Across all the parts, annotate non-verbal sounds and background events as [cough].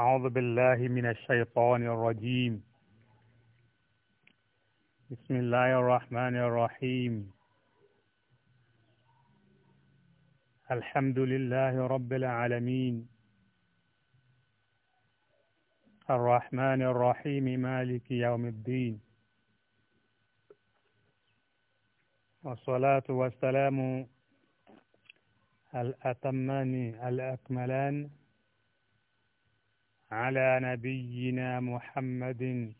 أعوذ بالله من الشيطان الرجيم بسم الله الرحمن الرحيم الحمد لله رب العالمين الرحمن الرحيم مالك يوم الدين والصلاة والسلام الأتمان الأكملان على نبينا محمد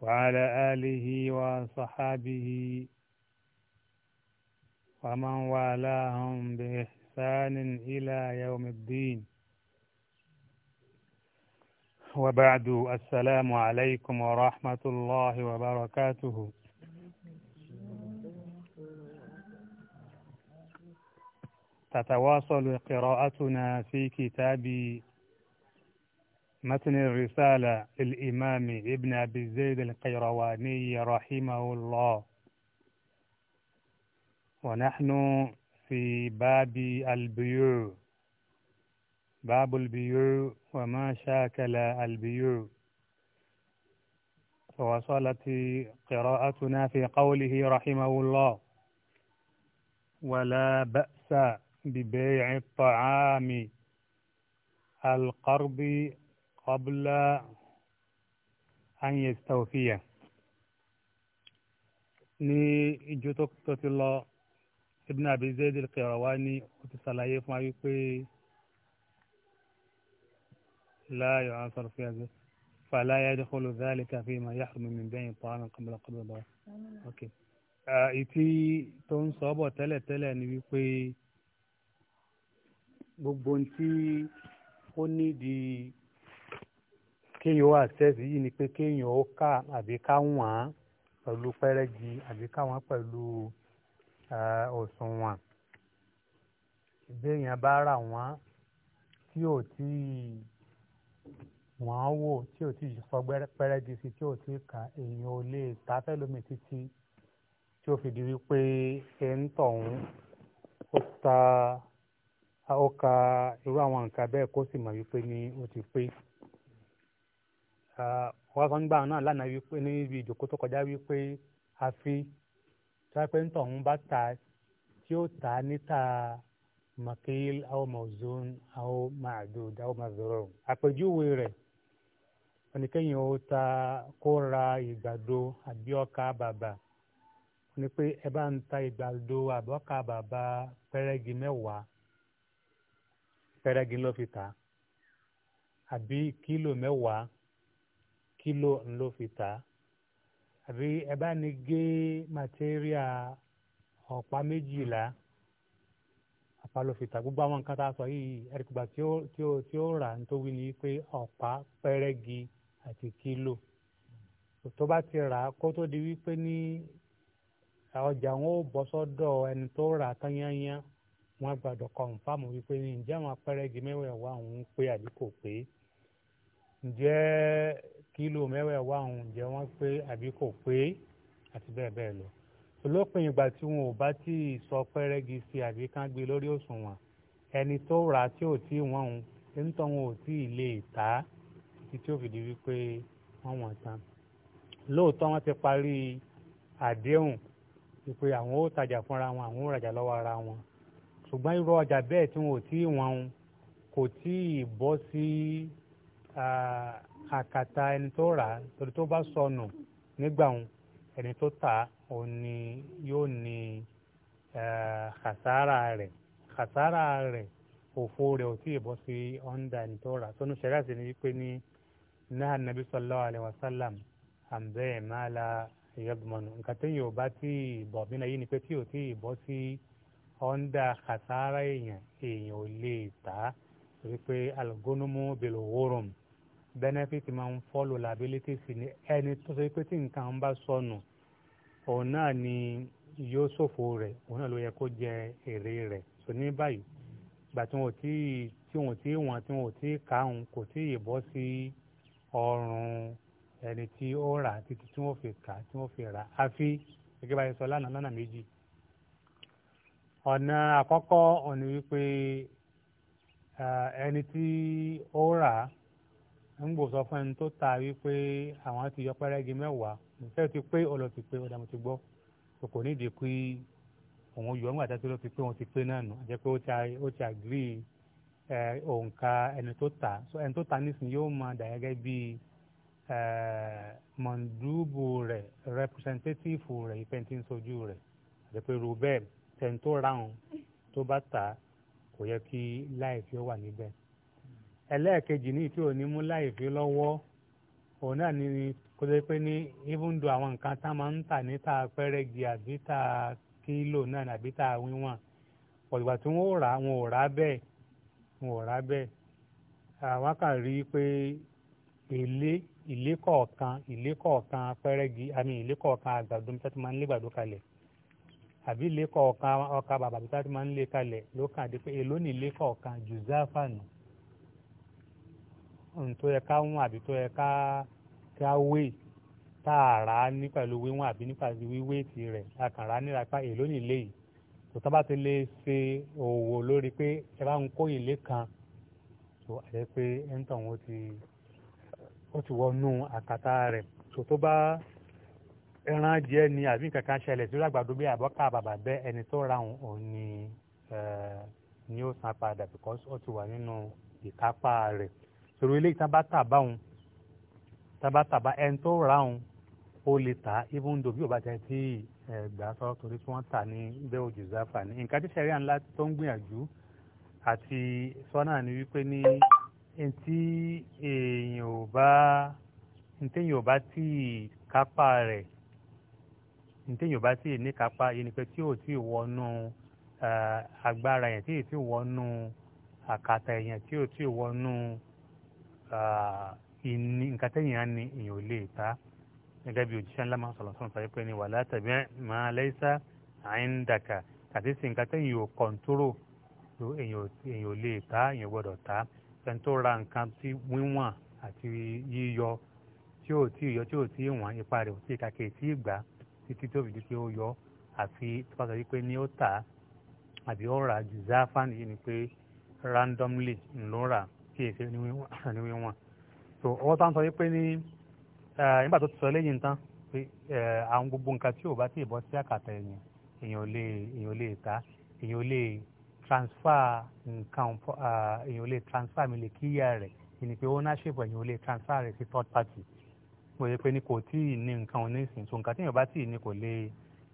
وعلى آله وصحابه ومن والاهم بإحسان إلى يوم الدين وبعد السلام عليكم ورحمة الله وبركاته تتواصل قراءتنا في كتاب متن الرسالة للإمام ابن أبي زيد القيرواني رحمه الله ونحن في باب البيوع باب البيوع وما شاكل البيوع فوصلت قراءتنا في قوله رحمه الله ولا بأس ببيع الطعام القرض قبل أن يستوفيه ní ìjọ tó ti lọ ibn abi zayd al-Qayrawani ó ti ṣàlàyé fún wa wípé láàyò ansar fi àgbẹ̀ fàlà yadkhulu dhalika fima yahrumu min bay'in ta'amin qabla qabla lọ. ìtì tó ń sọ bọ̀ tẹ́lẹ̀tẹ́lẹ̀ ni wípé gbogbo ntí ó nídìí kéèyàn ó access yìí ni pé kéèyàn ó kà àbí ká wọ̀n pẹ̀lú pẹ́rẹ́gì àbí ká wọ̀n pẹ̀lú òṣùwọ̀n béèyàn bá rà wọ́n tí ò tí wọ́n wò tí ò tí sọ pẹ́rẹ́gì sí tí ò tí kà èèyàn ò lè ta fẹ́lómi títí tí ó fi di wípé ẹ ń tọ̀hún ó ta ó ka irú àwọn nǹkan bẹ́ẹ̀ kó sì mọ̀ wípé ni ó ti pé. wọ́n sọ nígbà náà lánàá wípé níbi ìjòkó tó kọjá wípé àfi sápẹ́ ń tọ̀hún bá ta tí ó ta níta makil àwọn mọ̀zún àwọn àpèjúwe rẹ̀ oníkẹ́yìn ó ta kó ra ìgbàdo àbí bàbà ni pé ẹ bá ń ta ìgbàdo bàbà mẹ́wàá ló fi ta àbí kílò mẹ́wàá kílò ńlọ fi tà á àbí ẹ bá ní gé màtíríà ọ̀pá méjìlá ọ̀pá ló fi tà gbogbo àwọn nǹkan tá a sọ yìí ẹ̀rìkùgbà tí ó tí ó tí ó rà tó wí ni pé ọ̀pá pẹ́rẹ́gi àti kílò tó bá ti rà á kó tó di wípé ní ọjà wọn ò bọ́ sọ́dọ̀ ẹni tó rà á wọn gbàdọ̀ kọ̀ǹfàmù wípé ní ǹjẹ́ àwọn pẹ́rẹ́gi mẹ́wẹ̀ẹ́wá òun pé àbí kò pé ǹjẹ́ kílò mẹ́wẹ̀ẹ̀wá òun ǹjẹ́ wọ́n pé àbí kò pé àti bẹ́ẹ̀ bẹ́ẹ̀ lọ olópin ìgbà tí wọn ò bá tí ì sọ pẹ́rẹ́gi sí àbí kán gbé lórí òṣùwọ̀n ẹni tó rà tí ò tí ì wọ́n òun nítorí wọn ò tí ì lè tà á títí tí ó fi wípé wọ́n wọ̀n tán lóòótọ́ wọ́n ti parí àdéhùn wípé àwọn ó tajà fúnra wọn àwọn ó rajà lọ́wọ́ ara wọn ṣùgbọ́n irú ọjà bẹ́ẹ̀ tí wọn ò tí ì wọ́n kò tí ì bọ́ sí. Si àkàtà ẹni tó rà á torí tó bá sọnù nígbà wọn ẹni tó tà á òun ni yóò ní kàsára rẹ̀ kàsára rẹ̀ òfo rẹ̀ ò tí ì bọ́ sí ọ̀ndà ẹni tó rà á sẹ́rẹ́ àti ẹni wípé ní náà nàbí sallallahu alaihi wasallam àǹbẹ́ mala yadmanu nǹkan tí yóò bá tí ì bọ̀ bí náà yìí ni pé tí ò tí ì bọ́ sí ọ̀ndà kàsára èèyàn èèyàn ò lè tà torí pé algónúmù bèlò wórùn benefit máa ń follow liabilities ní ẹni tó ṣe pé tí nǹkan ń bá sọnù òun náà ni yóò ṣòfò rẹ̀ òun náà ló yẹ kó jẹ èrè rẹ̀ so ní báyìí ìgbà tí wọn ò tí tí wọn ò tí wọn tí wọn ò tí kàún kò tí ì bọ́ sí ọrùn ẹni tí ó rà títí tí wọn fi kà tí wọn fi rà àfi gẹ́gẹ́ bá sọ lánàá lánàá méjì ọ̀nà àkọ́kọ́ ọ̀nà wípé ẹni tí ó rà ń gbò sọ fún ẹni tó ta wípé àwọn ti yọ pẹ́rẹ́gì mẹ́wàá ìfẹ́ ti pé ọlọ́ ti pé ọ̀dà mo ti gbọ́ kò kò nídìí pé òun yọ ńgbà tẹ́tí ló ti pé òun ti pé náà nù àjẹ́ pé ó ti àgírí òǹkà ẹni tó ta so ẹni tó ta nísìnyí yóò máa dà gẹ́gẹ́ bíi mọ̀ndúbù rẹ̀ rẹpùsẹ̀ntétìfù rẹ̀ ìfẹ̀ntì sojú rẹ̀ àti pé rubel tẹ̀ntó ráhùn tó bá ta kò yẹ kí láì fi ó wà níbẹ̀ ẹlẹ́ẹ̀kejì ní tí ò ní mú láìfi lọ́wọ́ òun náà ní kó tó pé ní ibùdó àwọn nǹkan tá máa ń tà ní ta pẹ́rẹ́gì àbí ta kílò náà àbí ta wíwọ̀n ọ̀gbà tí wọ́n rà wọn ò rà bẹ́ẹ̀ wọn ò rà bẹ́ẹ̀ àwọn kan rí i pé èlé ìlé kọ̀ọ̀kan ìlé kọ̀ọ̀kan pẹ́rẹ́gì àmì ìlé kọ̀ọ̀kan àgbàdo tí wọ́n máa ń lé gbàdo kalẹ̀ àbí ìlé kọ̀ọ̀kan ọkà bàbà tí wọ́n máa ń lé kalẹ̀ ló kàn dé pé èló ni ìlé kọ̀ọ̀kan jùzáfà nù ohun tó yẹ ká wọn àbí tó yẹ ká ká wé tá a rà á ní pẹ̀lú wíwọ̀n àbí nípa wíwé tì rẹ̀ a kàn rà á níra pa èló nílé yìí tó tá bá ti lè ṣe òwò lórí pé ẹ bá ń kó ilé kan tó àyẹ pé ẹ̀ ń tàn wọ́n ti ó ti wọnú àkàtà rẹ̀ tó tó bá ẹran jẹ ni àbí nǹkan kan ṣẹlẹ̀ sí lágbàdo bí àbọ́ká bàbà bẹ́ ẹni tó ra òun òun ni eh, ni ó san padà because ó ti wà nínú ìkápá rẹ̀ torí ilé ìtàn bá tà báwọn tàn bá tà bá ẹni tó rà wọn ó lè tà even though bí ò bá tẹ tí ẹ gbà sọ torí tí wọ́n tà ní bẹ́ẹ̀ òjò záfà ní nǹkan tí sẹ́ríà ńlá tó ń gbìyànjú àti sọ́nà ni wípé ní ntí èèyàn ò bá ntí èèyàn ò bá tí ì kápá rẹ̀ ntí èèyàn ò bá tí ì ní kápá yẹn ni pé tí ò tí ì wọnú agbára yẹn tí ì tí ì wọnú àkàtà yẹn tí ò tí ì wọnú ìní nǹkan tẹ́yìn á ní èèyàn ò lè ta gẹ́gẹ́ bí òjíṣẹ́ ńlá máa ń sọ̀rọ̀ sọ̀rọ̀ sọ̀rọ̀ pé ní wàlá tàbí máa lẹ́sà àìndàkà àti sí nǹkan tẹ́yìn ò kọ̀ǹtóró èèyàn ò lè ta èèyàn gbọ́dọ̀ ta ẹni tó ra nǹkan tí wíwọ̀n àti yíyọ tí ò tí yọ tí ò tí wọ̀n ipa rẹ̀ ò tí kàkè tí gbà títí tó fi di pé ó yọ àfi tó bá sọ wípé ní ó tà àbí ó rà jù záfà nìyí ni pé randomly ńlọ rà kí èsì ni [laughs] wọn so ọwọ́ tá ń sọ yí pé ní nígbà tó ti sọ lẹ́yìn tán pé àwọn gbogbo nǹkan tí ò bá tí ì bọ́ sí àkàtà ẹ̀yìn èèyàn lè èèyàn lè ta èèyàn lè transfer nǹkan èèyàn lè transfer mi lè kíyà rẹ̀ ìní pé ownership èèyàn lè transfer rẹ̀ sí third party mo yẹ pé ní kò tí ì ní nǹkan onísìn so nǹkan tí èèyàn bá tí ì ní kò lè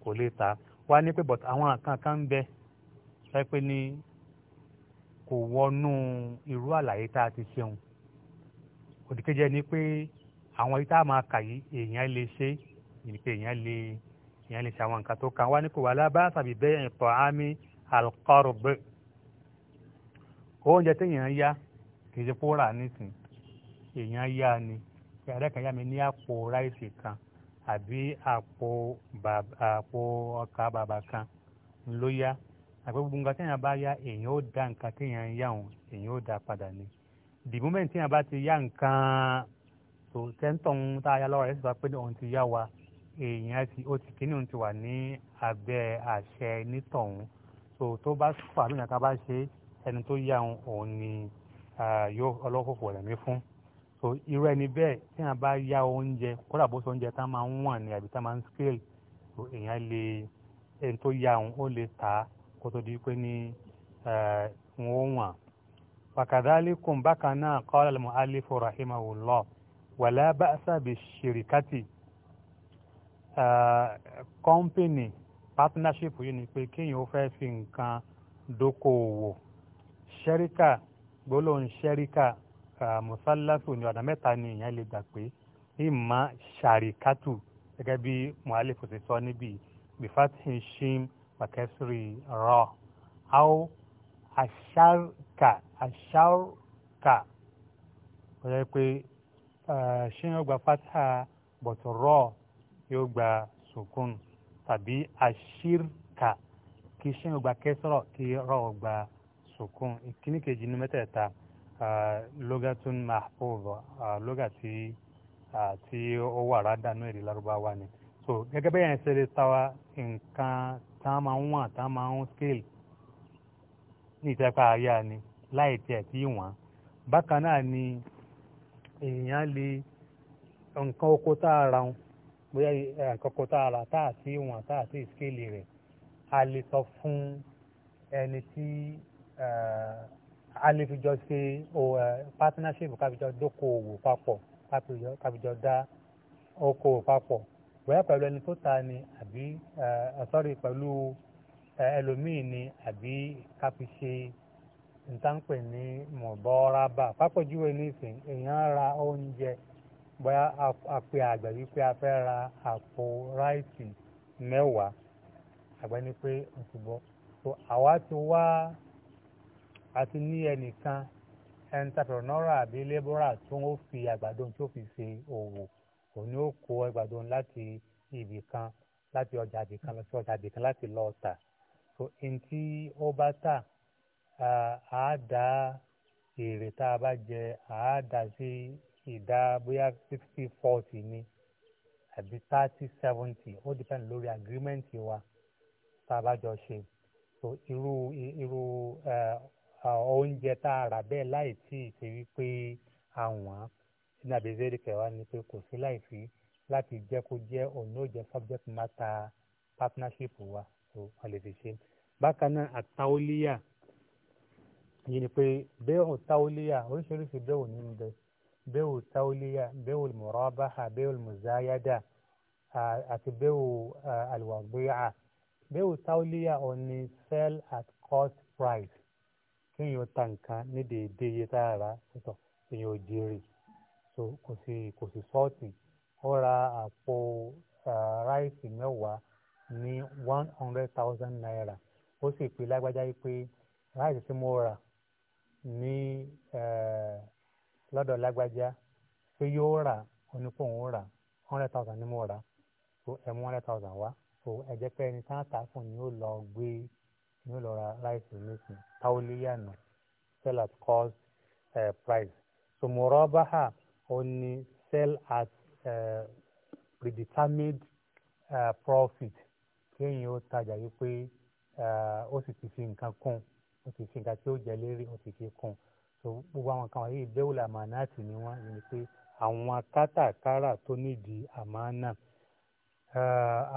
kò lè ta wá ní pé but àwọn nǹkan kan ń bẹ sọ pé ní kò wọnú irú àlàyé tá a ti ṣeun òdìkejì ẹni pé àwọn yìí tá a máa kà yìí èèyàn lè ṣe ni pé èèyàn lè èèyàn lè ṣe àwọn nǹkan tó kàn wá ní kò wá lábá tàbí bẹ́ẹ̀ ìtọ̀ àmì alqarbe oúnjẹ téèyàn yá kì í ṣe kó nísìn èèyàn yá ni ẹ̀rẹ́ kan yá mi ní àpò ráìsì kan àbí àpò àpò ọkà bàbà kan ló yá àpẹ gbogbo nǹkan téèyàn bá yá èèyàn ó da nǹkan téèyàn ń yá òun èèyàn ó da padà ni the moment téèyàn bá ti yá nǹkan tó tẹ́ńtọ̀ ń tá a yá lọ́wọ́ rẹ̀ sì bá pé òun ti yá wa èèyàn ti ó ti kíní òun ti wà ní abẹ́ àṣẹ nítọ̀hún tó tó bá fà mí nǹkan bá ṣe ẹni tó yá òun ni yóò ọlọ́kòkò rẹ̀ mí fún so irú ẹni bẹ́ẹ̀ téèyàn bá yá oúnjẹ kódà bó sọ oúnjẹ tá so èèyàn lè ẹni tó kó tó di pé ní wọ́n wọ̀n. fakadhalikum bákan náà qala al-mu'allifu rahimahullah wala ba'sa bi shirikati kọ́mpìnì partnership yìí ni pé kéèyàn ó fẹ́ fi nǹkan dókòwò ṣẹ́ríkà gbólóhùn ṣẹ́ríkà mùsálásù ní ọ̀nà mẹ́ta ni ìyẹn lè gbà pé ìmọ̀ ṣàríkàtù gẹ́gẹ́ bí mu'allifu ti sọ níbi bifatin shim وكسر را أو الشركة الشركة ويقول ṣín yóò gba fatiha bọ̀tún rọ yóò gba sukun tàbí àṣírkà kí ṣín yóò gba kẹsọ̀rọ̀ kí rọ gba sukun ìkíní kejì ní mẹ́tẹ̀ẹ̀ta lógatún mahfuz lóga tí tí ó wà rádà ní èdè lárúbáwá ni so gẹ́gẹ́ bẹ́ẹ̀ yẹn ṣe lè ta wa nǹkan tá a máa ń wọ̀n tá a máa ń scale ní ìtẹ́pá àríyá ni láì tiẹ̀ tí wọ́n bákan náà ni èèyàn lè nǹkan oko tá a ra wọn bóyá nǹkan oko tá a ra tá a sí wọn tá a sí scale rẹ̀ a lè sọ fún ẹni tí a lè fi jọ ṣe partnership ká fi jọ dókòwò papọ̀ ká fi jọ dá okòwò papọ̀ bóyá pẹ̀lú ẹni tó ta ni àbí eh, sọ́rí pẹ̀lú eh, ẹlòmíì ni àbí ká fi ṣe ntánpẹ̀ ní mọ̀bọ́rábà pápọ̀júwe ní ìsìn èèyàn ra oúnjẹ bóyá àpè àgbẹ̀ wípé a fẹ́ ra àpò ráìsì mẹ́wàá àgbẹ̀ ni pé o ti bọ́ so àwa ti wá àti ní ẹnìkan ẹnitàpẹ̀rọ̀nọ́rà àbí lébọ́rà tó ń fi àgbàdo tó fi ṣe òwò òun ni ó kó àgbàdo láti ibì kan láti ọjà ibì kan lọ sí ọjà ibì kan láti lọ tà so ntí ó bá tà á dá èrè tá a bá jẹ á dá sí ìdá bóyá fifty forty ni àbí thirty seventy ó depend lórí agreement wa tá a bá jọ ṣe so irú irú oúnjẹ tá a rà bẹ́ẹ̀ láì tí ì ṣe wípé àwọn sínú àbẹ̀zẹ́rì kẹwàá ni pé kò sí láìsí láti jẹ́ kó jẹ́ òun ó subject matter partnership wa tó a lè fi ṣe. bákan náà àtàwọ́líyà yìí ni pé bẹ́ẹ̀ òtáwọ́líyà oríṣiríṣi bẹ́ẹ̀ òní ń bẹ bẹ́ẹ̀ òtáwọ́líyà bẹ́ẹ̀ òmùrọ́báhà bẹ́ẹ̀ òmùzáyádà àti bẹ́ẹ̀ àlùwàgbéyà bẹ́ẹ̀ òtáwọ́líyà òní sell at cost price kéèyàn ta nǹkan ní déédéé iye tá a rà sọ́tọ̀ jèrè so kò sì kò sì sọ́ọ̀tì ó ra àpò ráìsì mẹ́wàá ní one hundred thousand naira ó sì pè lágbájá yìí pé ráìsì tí mo rà ní lọ́dọ̀ lágbájá pé yóò rà onípòhùn rà hundred thousand ni mo rà so ẹ mú hundred thousand wá so ẹ jẹ́ pé ẹni sáà tà fún ni ó lọ gbé ni ó lọ ra ráìsì nísìnyí táwọn lè yànnà sell at cost price so mo rọ́ bá hà. Only sell at uh, predetermined uh, profit kéèyàn ó tajà wípé eh, ó sì ti fi nǹkan kún ó ti fi nǹkan tí ó jẹ lérí ó ti fi kún so gbogbo àwọn kan wáyé ìdẹ́wòlà mànáàtì ni wọ́n ní pé àwọn kátàkárà tó nídìí àmánà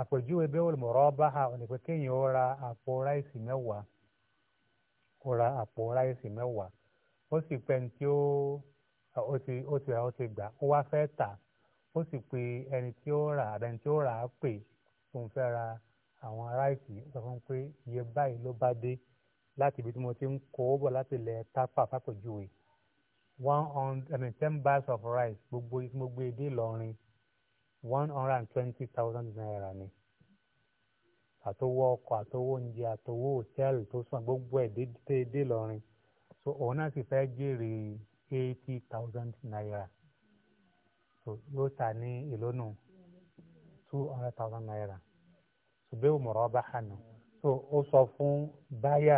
àpèjúwe bẹ́ẹ̀ olùmọ̀rọ́ bá a ọ̀nà pé kéèyàn ó ra àpò ráìsì mẹ́wàá ó ra àpò ráìsì mẹ́wàá ó sì pẹ́ ní tí ó ó ti ó ti ó ti gbà ó wá fẹ́ tà ó sì pe ẹni tí ó rà àbẹni tí ó rà á pè fún fẹ́ ra àwọn ráìtì sọ fún pé iye báyìí ló bá dé láti ibi tí mo ti ń kó bọ̀ láti ilẹ̀ tápà fàpèjúwe one hundred I mean ten bags of rice gbogbo tí mo gbé e dé Ìlọrin one hundred and twenty thousand naira ni àtọwọ́ ọkọ̀ àtọwọ́ oúnjẹ àtọwọ́ hòtẹ́ẹ̀lì tó sàn gbogbo ẹ̀ dé dé Ìlọrin so òun náà sì fẹ́ jèrè eighty thousand naira so yóò ta ní ìlónù two hundred thousand naira ṣùgbọ́n òmùrọ̀ ọba hànú so ó sọ fún báyà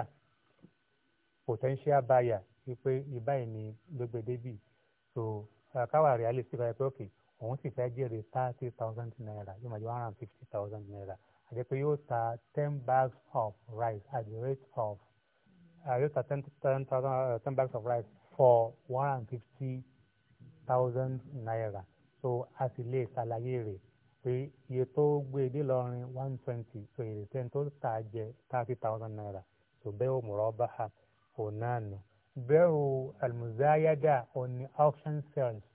potential buyer wípé ìbáyìí ni gbégbédébì so káwá rẹ̀ á lè ṣe báyìí pé òkè òun sì fẹ́ jèrè thirty thousand naira yóò máa jẹ́ one hundred fifty thousand naira àti pé yóò ta ten bags of rice at the rate of uh, yóò ta ten thousand ten bags of rice for one and fifty thousand naira so a sì lè ṣàlàyé rẹ̀ pé iye tó gbé e dé lọ́rin one twenty so ìrètí ẹni tó tà jẹ thirty thousand naira so bẹ́ẹ̀ ò mọ̀rọ̀ bá a òun náà nù. bẹ́ẹ̀ o almuzayada òun auction sales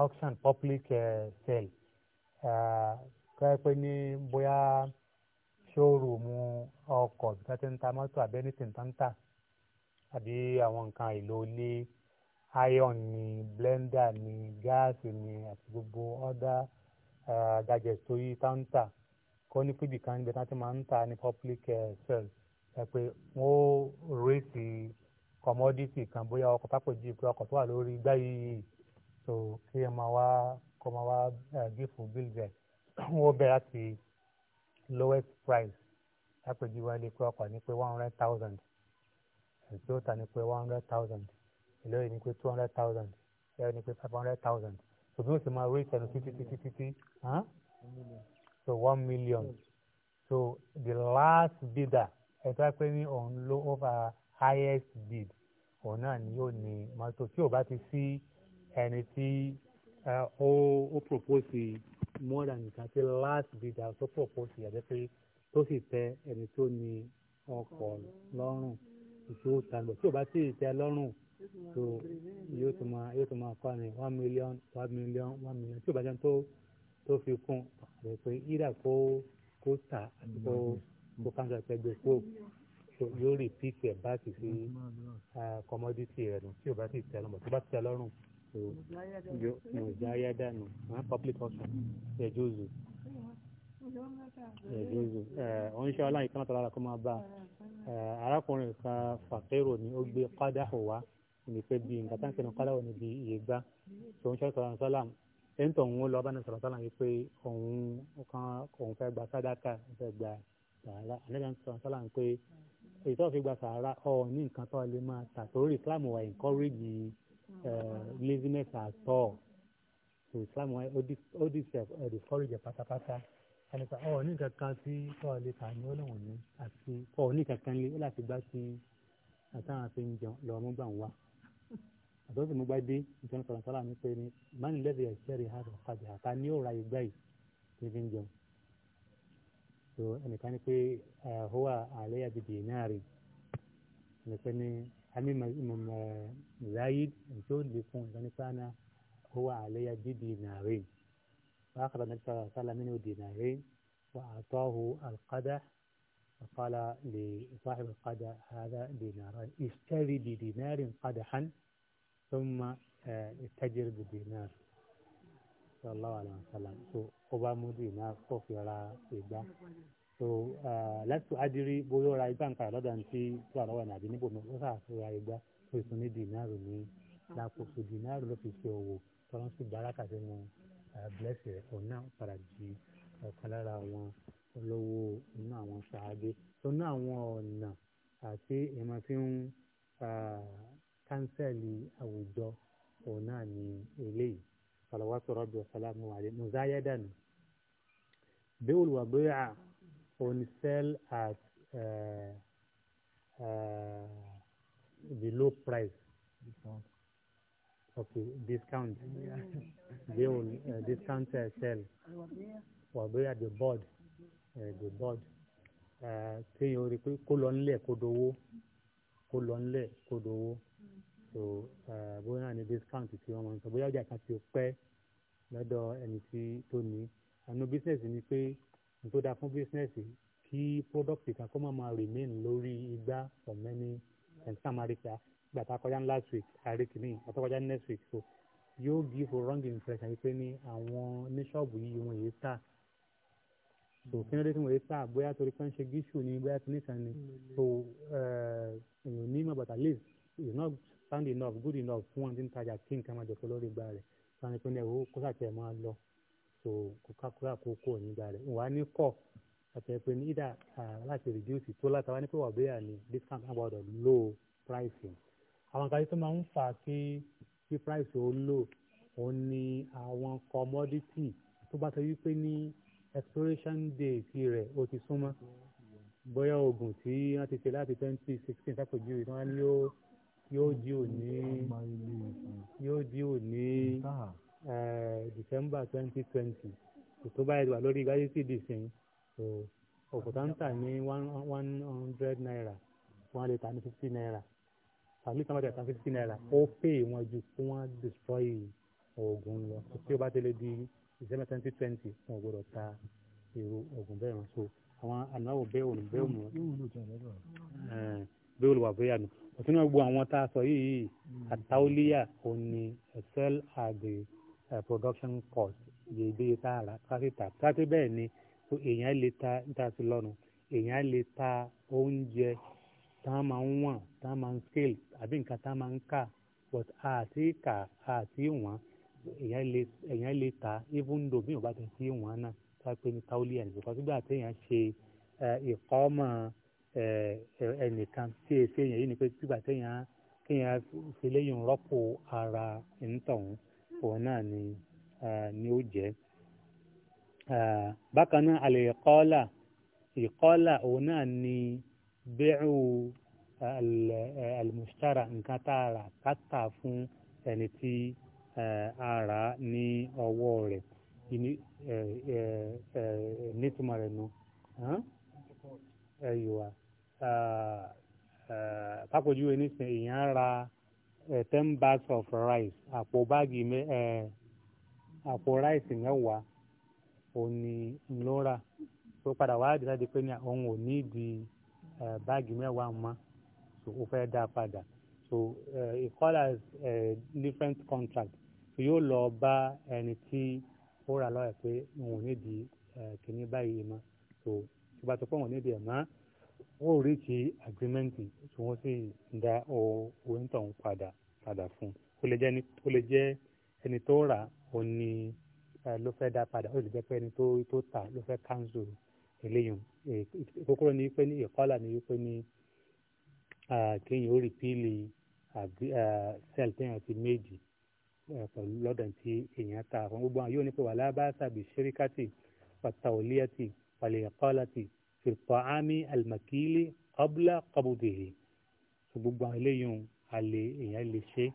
auction public uh, sale kọ́ ẹ pé ní bóyá showroom ọkọ̀ bí wọ́n ti ń ta mọ́tò abẹ́ni tí ń tán ta àbí àwọn nǹkan èlò ilé iron ni blender ni gáàsì ni àti gbogbo ọ̀dà eh, digestori táǹtà kọ́ ní pébì kan níbi tí wọ́n ti máa ń ta ní public eh, sale ẹ pé wọ́n rèétì commodity kan bóyá ọkọ̀ pápẹ́jì pé ọkọ̀ tó wà lórí igbá yìí so kí ẹ máa wá kọ́ máa wá eh, gífù bíl bẹ́ẹ̀ wọ́n bẹ̀rẹ̀ láti lowest price lápèjì wọlé pé ọkọ̀ ní pé one hundred thousand èso ni pé one hundred ni pé two hundred ni pé five so bí wọ́n ti máa rate ẹnu títí títí títí so one million so the last bidder ẹ̀ka pé on low ló over highest bid òun náà ni yóò ní mọ́tò tí ò ti sí ẹni tí ó ó propose more than nǹkan tí last bidder tó propose yàtọ̀ pé tó sì tẹ ẹni tó ní ọkọ̀ lọ́rùn ìṣòwò tàgbọ̀ tí ò bá tí ì tẹ lọ́rùn tó yóò tó máa yóò tó máa kọ́ ni one million one million one million tí ò bá jẹun tó tó fi kún àbẹ̀ pé ìdá kó kó tà àti kó kó káńtà pẹ̀gbẹ̀ kó yóò rí píìkì ẹ̀ báàkì sí kọmọdítì rẹ̀ nù tí ò bá tí tẹ lọ́rùn tí bá tẹ lọ́rùn tó yóò jáyá dànù public option ẹ̀jọ́ zù. ẹ̀dínzù ọ̀n ṣe ọlá ìkan àtàlára kó máa bá arákùnrin kan fàkérò ni ó gbé kádàhù wá ní pé bí nǹkan táǹkì ní kádàhù ni bí iye tó ń ṣe sọ̀rọ̀ sọ́làm ẹ̀ńtọ̀ òun lọ bá ní sọ̀rọ̀ sọ́làm yìí pé òun kan òun fẹ́ gba sádàkà fẹ́ gba sàárà àlẹ́ kan sọ̀rọ̀ sọ́làm pé èyí tó fi gba sàárà ọ̀ ní nǹkan tó lè máa tà Islam wa encourage laziness at ẹnìkan ọ̀ ní kankan tí ọ̀ lè kà ní ọlọ́wọ̀n ní àti ọ̀ ní kankan lé ó láti gbá sí àtàwọn àti ń jẹun lọ́wọ́ mú gbà ń wá àtọ́sí mo gbá dé ìjọba sọ̀rọ̀ sọ́lá mi pé ní máa ń lẹ́sẹ̀ ẹ̀ṣẹ́rì àti ọ̀kadì àká ní òòrà ìgbà yìí tí fi ń jẹun so ẹnìkan ní pé ẹ̀hóà àlẹ́ àbìdì náà rè ẹnìkan ní àmì mọ̀ zayid ẹ̀ṣọ́ lè فأخذ النبي صلى الله عليه وسلم منه دينارين وأعطاه القدح فقال لصاحب القدح هذا ديناران اشتري بدينار قدحا ثم اتجر بدينار صلى الله عليه وسلم so ọba mú dínà kó fi ra ìgbà so lẹ́tù adiri bóyá ra ìgbà nǹkan lọ́dọ̀ ní tí wà lọ́wọ́ nàbí níbo mi ó sà fi ra ìgbà tó ìsún ní dínà rò ní lápò so dínà rò ló fi ṣe òwò tọ́lọ́sì bárakà sínú blessing òun náà padà di ọ̀kan lára àwọn olówó inú àwọn sàábé tó ná àwọn ọ̀nà àti ìmọ̀ fi ń kánsẹ́ẹ̀lì àwùjọ òun náà ni eléyìí salawatu rabbi wa salamu alayhi muzayadan bẹ́ẹ̀ wà bẹ́ẹ̀ à on sell at uh, uh, the low price okay discount they will uh, discount uh, sell wàgbéyà the board uh, the board kéèyàn uh, rí i pé kó lọ nílẹ̀ kó dowó kó lọ nílẹ̀ kó so uh, bóyá ní discount tí wọ́n máa ń sọ bóyá ọjà kan ti pẹ́ lọ́dọ̀ ẹni tí tó ní àánú business ni pé n tó dáa fún business kí product kan kó má máa remain lórí igbá for many and some are gbàtà kọjá ní last week àrí kìíní gbàtà kọjá ní next week so yóò give a wrong impression wípé ní àwọn oníṣọ́ọ̀bù yìí wọn yìí tà so kí ló dé tí wọn yìí tà bóyá torí pé ń ṣe gíṣù ni bóyá tí nìkan ni so eh, èèyàn ní but at least is not sound enough good enough fún wọn tí ń tajà kí nǹkan máa jẹ́ pé lórí ìgbà rẹ̀ sani pé ní ẹ̀rọ kó sàtẹ̀ máa lọ so kó kákúrà kó kó nígbà rẹ̀ wà á ní kọ̀ àti ẹ̀pẹ́ ní ìdá ah, láti reduce tó látara ní pé wà bẹ́ẹ̀ ni discount àgbọ̀dọ̀ low pricing àwọn kan tó máa ń fà kí kí price ó lò òun ni àwọn commodity tó bá sọ wípé ní expiration date rẹ̀ ó ti súnmọ́ bóyá oògùn tí wọ́n ti ṣe láti twenty sixteen sápòjúwe tí wọ́n ní yóò yóò di òní yóò di òní december twenty twenty tó báyìí wà lórí gáyésì dìsín òkúta ń tà ní one hundred naira wọ́n lè tà fifty naira àmì kan lọ́dẹ̀ kan fifty naira ó pè wọ́n ju kí wọ́n destroy oògùn lọ tí ó bá tẹ́lẹ̀ di december twenty twenty wọn ò gbọ́dọ̀ ta irú oògùn bẹ́ẹ̀ mọ́ so àwọn anáwó bẹ́ẹ̀ òun bẹ́ẹ̀ mọ́ bẹ́ẹ̀ olùwà bẹ́ẹ̀ àná òtún náà gbọ́ àwọn tá a sọ yìí àtàwọ́líyà òní sell at the uh, production cost yèyé tá a rà káfíńtà káfíńtà bẹ́ẹ̀ ni so èèyàn lè ta níta sí lọ́nu èèyàn lè ta oúnjẹ tá a máa ń wọ̀n tá a máa ń scale àbí nǹkan tá a máa ń kà but àti kà àti wọ́n èèyàn lè ta even though bí wọ́n bá ti sí wọ́n náà tá a pè ní táwọ́lì ẹ̀ nìkan sígbà tí èèyàn ṣe ìkọ́mọ̀ ẹnìkan tí èsì èèyàn yìí ni pé sígbà tí èèyàn kéèyàn fi léyìn rọ́pò ara ìntọ̀hún òun náà ni ni ó jẹ́ bákan náà àlè ìkọ́là ìkọ́là òun náà ni bẹ́ẹ̀ alimusitara nǹkan tá a rà ká tà fún ẹni tí a rà ní ọwọ́ rẹ̀ nítumọ̀ rẹ̀ nu ẹ̀yùwà ẹni sìn èèyàn ra ten bags of rice àpò báàgì àpò ráìsì mẹ́wàá òní ńlọ́ra tó padà wá àdìsáde pé ní òun ò ní ìdí báàgì mẹ́wàá mọ́ so ó fẹ́ dá padà so ìkọ́là eh, eh, different contract so yóò lọ bá ẹni tí ó rà lọ́yà pé òun ò ní di eh, kìíní báyìí mọ́ so ìgbà tó pọ̀ òun ò ní di ẹ̀ mọ́ ó rí ti agirimẹ́ǹtì tí wọ́n sì dá owó ń tàn padà padà fún un ó lè jẹ́ ẹni tó rà ó ní ló fẹ́ dá padà ó lè jẹ́ pé ẹni tó tà ló fẹ́ káńsù eléyìí ìkókóró ni wípé ní ìkọ́là ni wípé ní kéèyàn ó rìpíìlì sẹ́ẹ̀lì téèyàn ti méjì pẹ̀lú lọ́dọ̀ tí èèyàn ta àwọn gbogbo àwọn yóò ní pé wà lábáṣà bí ṣíríkàtì pàtàwọ̀lìyàtì pàlẹ̀kọ́làtì fìpàámi àlùmọ̀kìlì ọ̀bùlà kọ́bùdìrì gbogbo àwọn eléyìí àlè èèyàn lè ṣe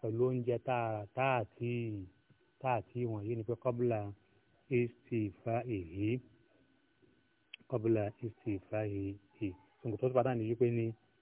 pẹ̀lú oúnjẹ tààrà táàtì táàtì wọ̀nyí ni pé kọ́bùlà ìsìfà èyí kọ́bùlà ìsìfà èyí. sọ̀gbọ̀tọ́ tó padà nìyí pé ní.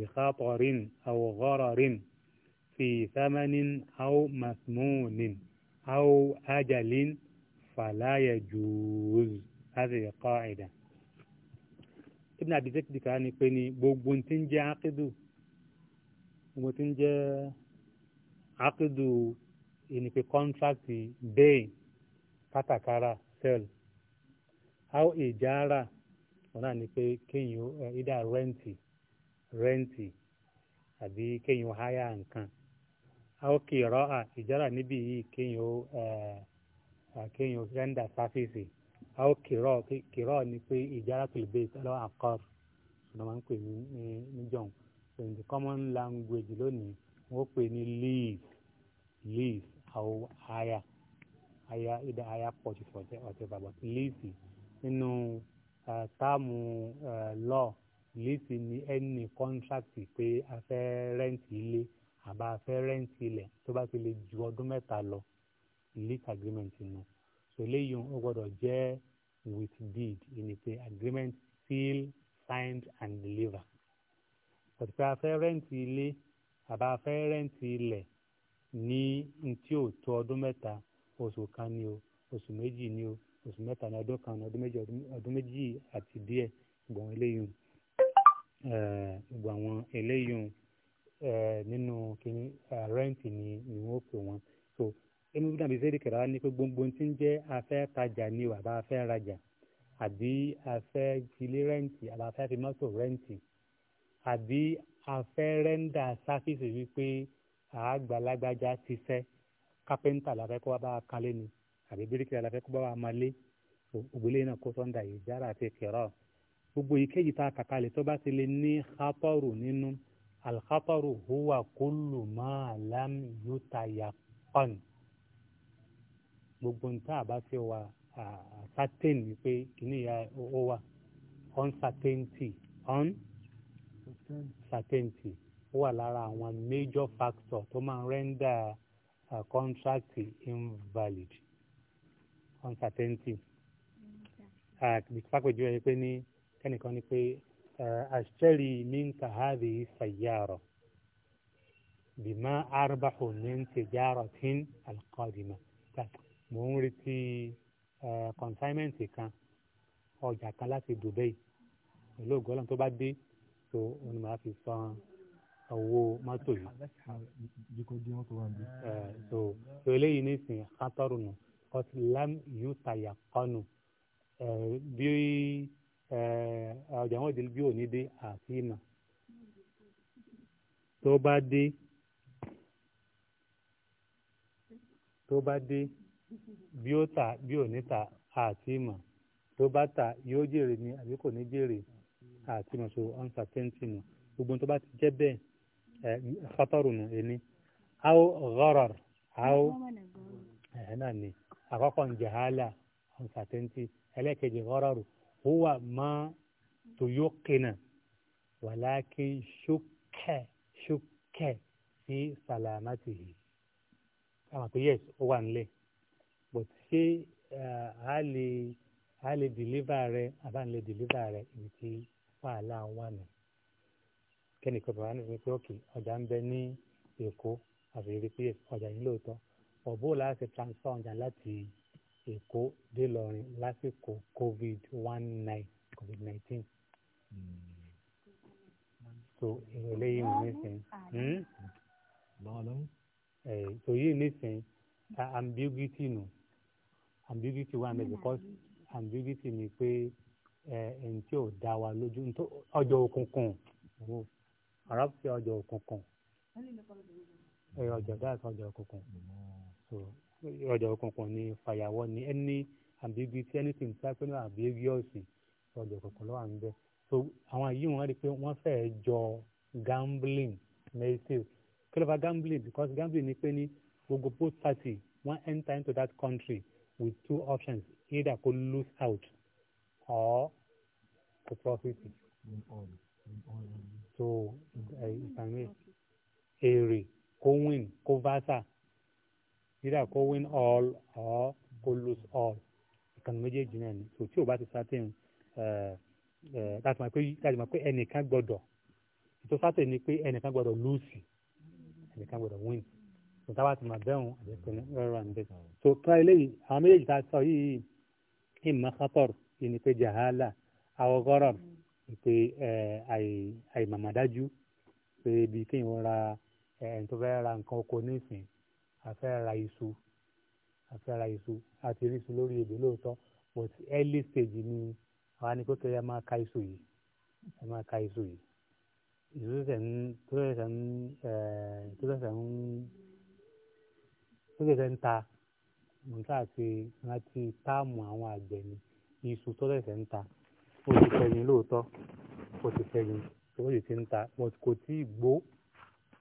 بخطر أو غرر في ثمن أو مثمون أو أجل فلا يجوز هذه قاعدة ابن أبي زيد كان يقول: بوبون تنجى عقده بوبون تنجى يعني في contract بين kátàkárà sell how ìjára wọn náà ni pé kéèyàn ìdá rẹ́ǹtì rẹ́ǹtì àbí kéèyàn háyà nǹkan àókè ọ̀rọ̀ à ìjára níbí yìí kéèyàn ó kéèyàn rẹ́ńdà ni pé ìjára tòlùbẹ́ ìtọ́lọ́ àkọ́r ṣùgbọ́n máa ń pè ní in the common language lónìí wọ́n pè ní leaf lease àwọn háyà háyà ìdá háyà pọ̀jù nínú táàmù lọ́ọ̀. lẹ́sì ní ẹni kọ́ńtrákì pé a fẹ́ rẹ́ǹtì ilé àbá a fẹ́ rẹ́ǹtì ilẹ̀ tó bá ti lè ju ọdún mẹ́ta lọ lease agreement nù so eléyìí ó gbọ́dọ̀ jẹ́ with deed ìní pé agreement seal signed and deliver kòtò pé a fẹ́ rẹ́ǹtì ilé àbá a fẹ́ rẹ́ǹtì ilẹ̀ ní ntí ò tó ọdún mẹ́ta oṣù kan ni o oṣù méjì ni o oṣù mẹ́ta ni ọdún kan ni ọdún méjì àti díẹ̀ gbọ̀n eléyìí. Eh, gbogbo àwọn eléyìí eh, nínú kìíní eh, rẹ́ǹtì ni ni wọ́n pè wọ́n so ẹnu bí dàbí sẹ́ẹ̀dì kẹrẹ́ ni pé gbogbo tí ń jẹ́ afẹ́ tajà ni o àbá afẹ́ rajà àbí afẹ́ tilé rẹ́ǹtì àbá afẹ́ fi mọ́tò rẹ́ǹtì àbí afẹ́ rẹ́ńdà sáfíìsì wípé àgbàlagbàjà ti sẹ́ kápẹ́ńtà la fẹ́ kó bá a kalẹ̀ ni àbí bíríkìlà la fẹ́ kó bá a máa lé ògbélé náà kó sọ́ńdà yìí jára àti kẹrọ́ọ̀ gbogbo ìkéyìí tá a kàkà lè tó bá ti lè ní xapọ́rù nínú alxapọ́rù huwa kúlù máa lam yúta yaqan gbogbo nta àbá fi wà certain wípé kìíní ya ó wà uncertainty uncertainty ó wà lára àwọn major factor tó máa rẹ́ndà contract invalid uncertainty. Ìfipápẹ̀jọ́ mm, yẹ pé ní kẹ́nìkan ni pé àṣẹ́rì mi ń ka hàbí sàyàrọ̀ bìmá arbaḥu mi ń tẹ̀jáàrọ̀ tí ń alqadimah mò ń retí consignment kan ọjà kan láti Dubai pẹ̀lú ògbọ́lọ́n tó bá dé tó o ní màá fi san owó mọ́tò yìí. so so eléyìí nísìnyí kátọ́rù nù kọ́sí lam yóò tàyà kọ́nù bí ọjà wọn ìdílé bí òní dé àfihàn tó bá dé tó bá dé bí ó tà bí òní tà àfihàn tó bá tà yóò jèrè ni àbí kò ní jèrè àfihàn so uncertainty nù gbogbo tó bá ti jẹ́ bẹ́ẹ̀ ẹ fatọrù nù ẹni aw gharar aw ẹ náà ni àkọ́kọ́ njahala uncertainty ẹlẹ́kẹ̀jẹ̀ gharar huwa máa tuyukina walakin ṣúkẹ́ ṣúkẹ́ sí salamatihi káwọn pé yes ó wà nílẹ̀ but ṣé a lè a lè deliver rẹ àbá ń lè deliver rẹ ibi tí wàhálà wà nù kẹ́nìkan bàbá ní pé ok ọjà ń bẹ ní èkó àfi rí pé ọjà yìí lóòótọ́ ọ̀bó láti transfer ọjà láti èkó dé lọ́rin lásìkò covid one nine covid nineteen so eléyìí ń nísìnyí hmm? so yìí nísìnyí ambiguity nù ambiguity wà ní because ambiguity ni pé ẹni tí ò dá wa lójú ọjọ́ òkùnkùn arab ti ọjọ́ òkùnkùn ọjọ́ dáàtì ọjọ́ òkùnkùn so ọjọ́ òkùnkùn ni fàyàwọ́ ni any ambiguity anything tí a pè ní ambiguity ọjọ́ òkùnkùn ló wà níbẹ̀ so àwọn yìí wọ́n rí i pé wọ́n fẹ́ẹ́ jọ gambling medicine kí ló fà gambling because gambling ni pé ní gbogbo both party wọ́n enter into that country with two options either kò lose out or kò profit. so ìsàmì eh, èrè kò win kò vasa either go win all or go lose all ìkànnì méjèèjì náà ni so tí o bá ti sá tẹ̀ ẹ́ láti mọ̀ pé láti mọ̀ pé ẹnìkan gbọ́dọ̀ ètò sátẹ̀ ni pé ẹnìkan gbọ́dọ̀ lùsì ẹnìkan gbọ́dọ̀ win so táwa ti máa bẹ́hùn àdéhùn rọra ń bẹ. so tó eléyìí àwọn méjèèjì tá a sọ yìí ìmọ̀ kátọ́rù yìí ni pé jahala awọ́gọ́rọ̀ pé àìmàmàdájú pé ibi kéèyàn ra ẹni tó fẹ́ ra nǹkan oko nísìn afẹ́ ra iṣu afẹ́ ra iṣu àti rí lórí ebè lóòótọ́ but early stage ni àwa ni kókè ẹ máa ka iṣu yìí ẹ máa ka iṣu yìí iṣu tó ṣẹ̀ ń tó ṣẹ̀ ń eh, tó ṣẹ̀ ń tó ṣẹ̀ ń ta nǹkan àti àti táàmù àwọn àgbẹ̀ ni iṣu tó ṣẹ̀ ń ta ó ti fẹ̀yìn lóòótọ́ ó ti fẹ̀yìn ó sì ti ń ta but kò tí ì gbó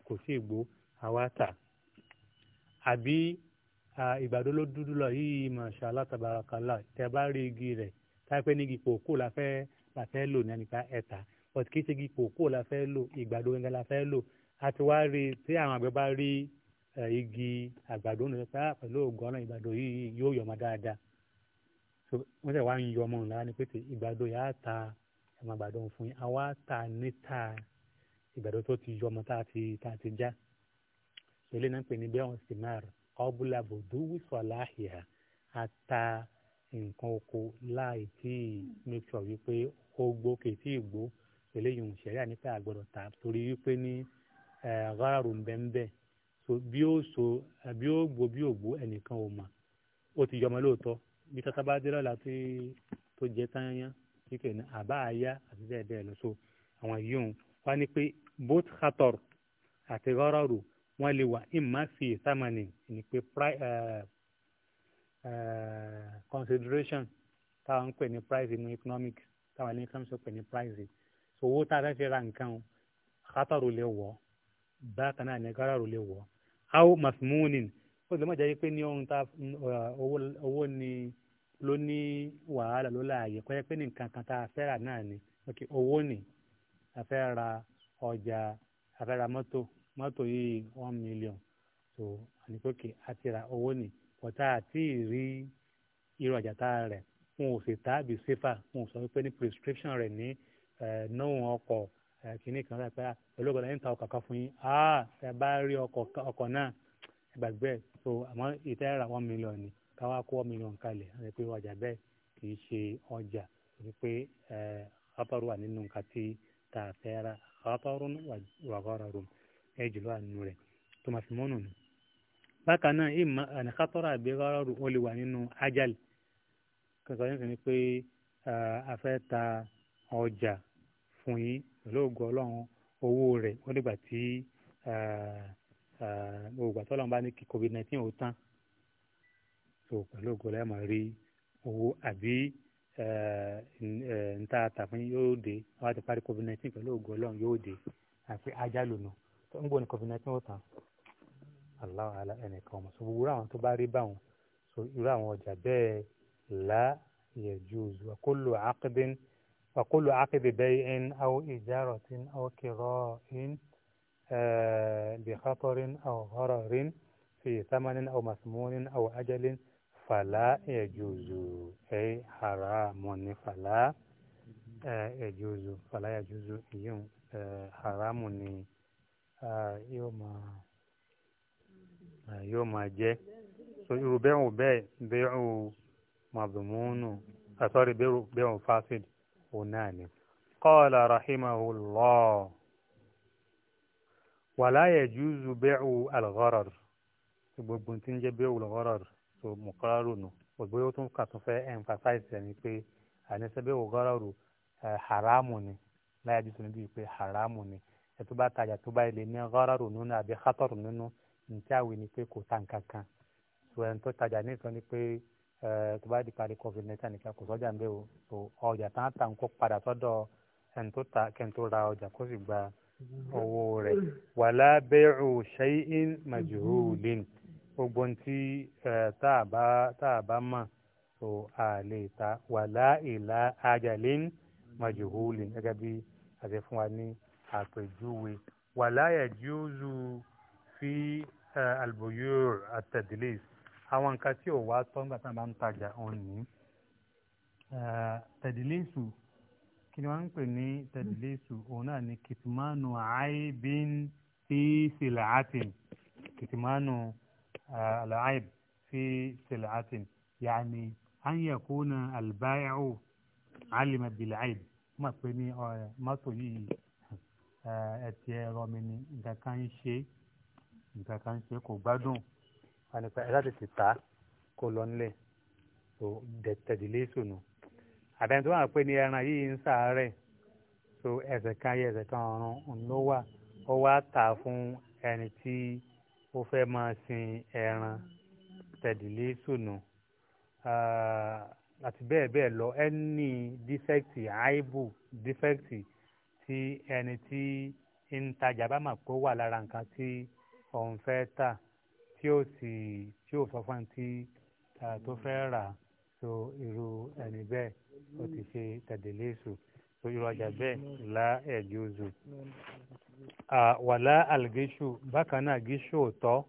kò tí ì gbó àwa tà àbí ah, ìgbàdo ló dúdú lọ yìí màṣá látàbàràkàlà tẹ bá rí igi rẹ̀ táyẹ̀pẹ́ ní igi kòkó la fẹ́ la fẹ́ lò ní àníkà ẹ̀ta but kì í ṣe igi kòkó la fẹ́ lò ìgbàdo gangan la fẹ́ lò a ti wá rí tí àwọn àgbẹ̀ bá rí igi àgbàdo ní pẹ́ ah, pẹ̀lú ògùn ọ̀nà ìgbàdo yìí yóò yọmọ dáadáa so wọ́n tẹ̀ wá ń yọ ọmọ ńlá ní pété ìgbàdo yà á ta ẹ̀mọ àgbàdo fún yín àwa ta níta ìgbàdo tó ti yọmọ tá a ti tá a ti já pẹ̀lú náà pè ní bẹ́ẹ̀ wọn sì máa rọ̀ ọ́bùlà bòdú wíṣọ̀ láàhìá nǹkan oko láì tí ì make sure wípé ó gbó kì í tí ì gbó eléyìí àgbọ̀dọ̀ tà torí wípé ní rárò ń so bí ó so bí ó gbó bí ó gbó ẹnìkan ò mà ó ti yọmọ lóòótọ́ bí tata bá dé lọ́la tí tó jẹ́ tányán tí ní àbá àyá àti bẹ́ẹ̀ bẹ́ẹ̀ lọ so àwọn yìí ń wá ní pé both hator àti rárò wọ́n lè wà ìmọ̀ fi ìsámanì ní pé Eh, consideration táwọn ń pè ní price inú economic táwọn ilé nǹkan ń pè ní price so owó tá a fẹ́ fi ra nǹkan o kátàrò lè wọ̀ bákan náà ní kátàrò lè wọ̀ how masmunin ó lè má jẹ́ pé ní ohun tá eh, owó ni ló ní wàhálà ló láàyè kọ́ jẹ́ pé ní nǹkan kan tá a fẹ́ rà náà ni ok owó ni a fẹ́ ra ọjà a fẹ́ ra mọ́tò mọ́tò yìí one million so àníkókè àti ra owó ni ọ̀tá àti ìrí irú àjàtà rẹ̀ wọn ò sì sífà wọn ò wípé ní prescription rẹ̀ ní náà ọkọ̀ kìíní kan rẹ̀ pé pẹ̀lú ọ̀gọ̀dọ̀ yín ta ọkọ̀ kan fún yín ah ẹ bá rí ọkọ̀ náà gbàgbé so àmọ́ ìtẹ́rà one million ni káwá kó one million kalẹ̀ àti pé ọjà bẹ́ẹ̀ kì í ṣe ọjà wípé ọ̀pọ̀rù wà nínú nǹkan tí tà fẹ́ ra ọ̀pọ̀rù wà gọ́ra rò ẹ jùlọ àánú rẹ̀ tó máa fi mọ́nù nù bákan náà ìmọ̀ ànàkátọ́rọ̀ àbíkọ́rọ̀ wọn lè wà nínú ajal kẹsàn-án sì ni pé a fẹ́ ta ọjà fún yín pẹ̀lú ògo ọlọ́run owó rẹ̀ ó dìgbà tí ògbà tọ́lọ́run bá ní kí covid nineteen ó tán so pẹ̀lú ògo ọlọ́run máa rí owó àbí nta tàfin yóò dé wọ́n á ti parí covid nineteen pẹ̀lú ògo ọlọ́run yóò dé àfi ajá lónà tó ń gbọ́ ní covid nineteen ó tán. Allahu ala ẹnìkan mọ̀ so gbogbo àwọn tó bá rí báwọn so irú àwọn ọjà bẹ́ẹ̀ la yajuzu wa kullu aqdin wa kullu aqdi bay'in aw ijaratin aw kira'in eh, bi khatarin aw ghararin fi thamanin aw masmunin aw ajalin fala yajuzu ay haramun fala eh, yajuzu fala yajuzu iyun eh, haramun ni ah, yóò máa yóò máa jẹ́ so irú bẹ́ẹ̀ ò bẹ́ẹ̀ bẹ́ẹ̀ ò màdùmúnù àtọ́rí bẹ́ẹ̀ ò fásid ò náà ni. qala rahimahullah wala yajuzu bẹ́ẹ̀ ò al-gharar gbogbo tí ń jẹ́ bẹ́ẹ̀ ò al-gharar so mùkọ́rọ̀ nù gbogbo yóò tún kà tún fẹ́ emphasize ẹni pé àníṣe bẹ́ẹ̀ ò al-gharar haramu ni láyàjú tó níbi pé haramu ni ẹ̀ tó bá tajà tó bá ilé ní gharar nínú àbí khatar nínú nítí àwìn ni pé kò ta nǹkan kan so ẹni tó tajà ní ìsọ ni pé tó bá di parí covid nineteen nìkan kò sọ́jà ń bẹ̀ o so ọjà tá ń tà ń kó padà sọ́dọ̀ ẹni tó ta kẹ́ni tó ra ọjà kó sì gba owó rẹ̀ wàlá bẹ́ẹ̀rù ṣẹ́yìn màjúhùlín gbogbo ntí tá a bá mọ̀ so a lè ta wàlá ìlà ajalín màjúhùlín gẹ́gẹ́ bí a ti fún wa ní àpèjúwe wàlá yẹ jùzù fi alboyur atadilis àwọn nǹkan tí ò wá tọ́ nígbà tí wọ́n bá ń tajà òun ní tadilisu kí ni wọ́n ń pè ní tadilisu òun náà ni kìtìmánu àìbín fi silaatin kìtìmánu àlàáib fi silaatin yaani an yakuna albai'u alima máa pè ní mọ́tò yìí ẹ̀tì ẹ̀rọ mi ni nǹkan kan ń ṣe é nǹkan kan ṣe kò gbádùn wọn nípa ẹ láti tà kó lọ nílẹ̀ tó tẹ̀dílé sònù àtẹni tó wà pé ní ẹran yìí ń sàárẹ̀ tó ẹsẹ̀ kan ayé ẹsẹ̀ kan ọ̀run ló wà ó wá tà fún ẹni tí ó fẹ́ máa sin ẹran tẹ̀dílé sònù àti bẹ́ẹ̀ bẹ́ẹ̀ lọ ẹni dífẹ́kìtì àìbù dífẹ́kìtì tí ẹni tí ń tajà bá mà kó wà lára nǹkan tí òun fẹ́ tà tí ó sì tí ó sọ fún ti tó fẹ́ rà so irú ẹni bẹ́ẹ̀ ó ti ṣe tẹ̀dẹ̀lẹ́sù so irú ọjà bẹ́ẹ̀ la ẹ̀jọ́zù. wàlá àlgéṣù bákan náà gíṣù tọ́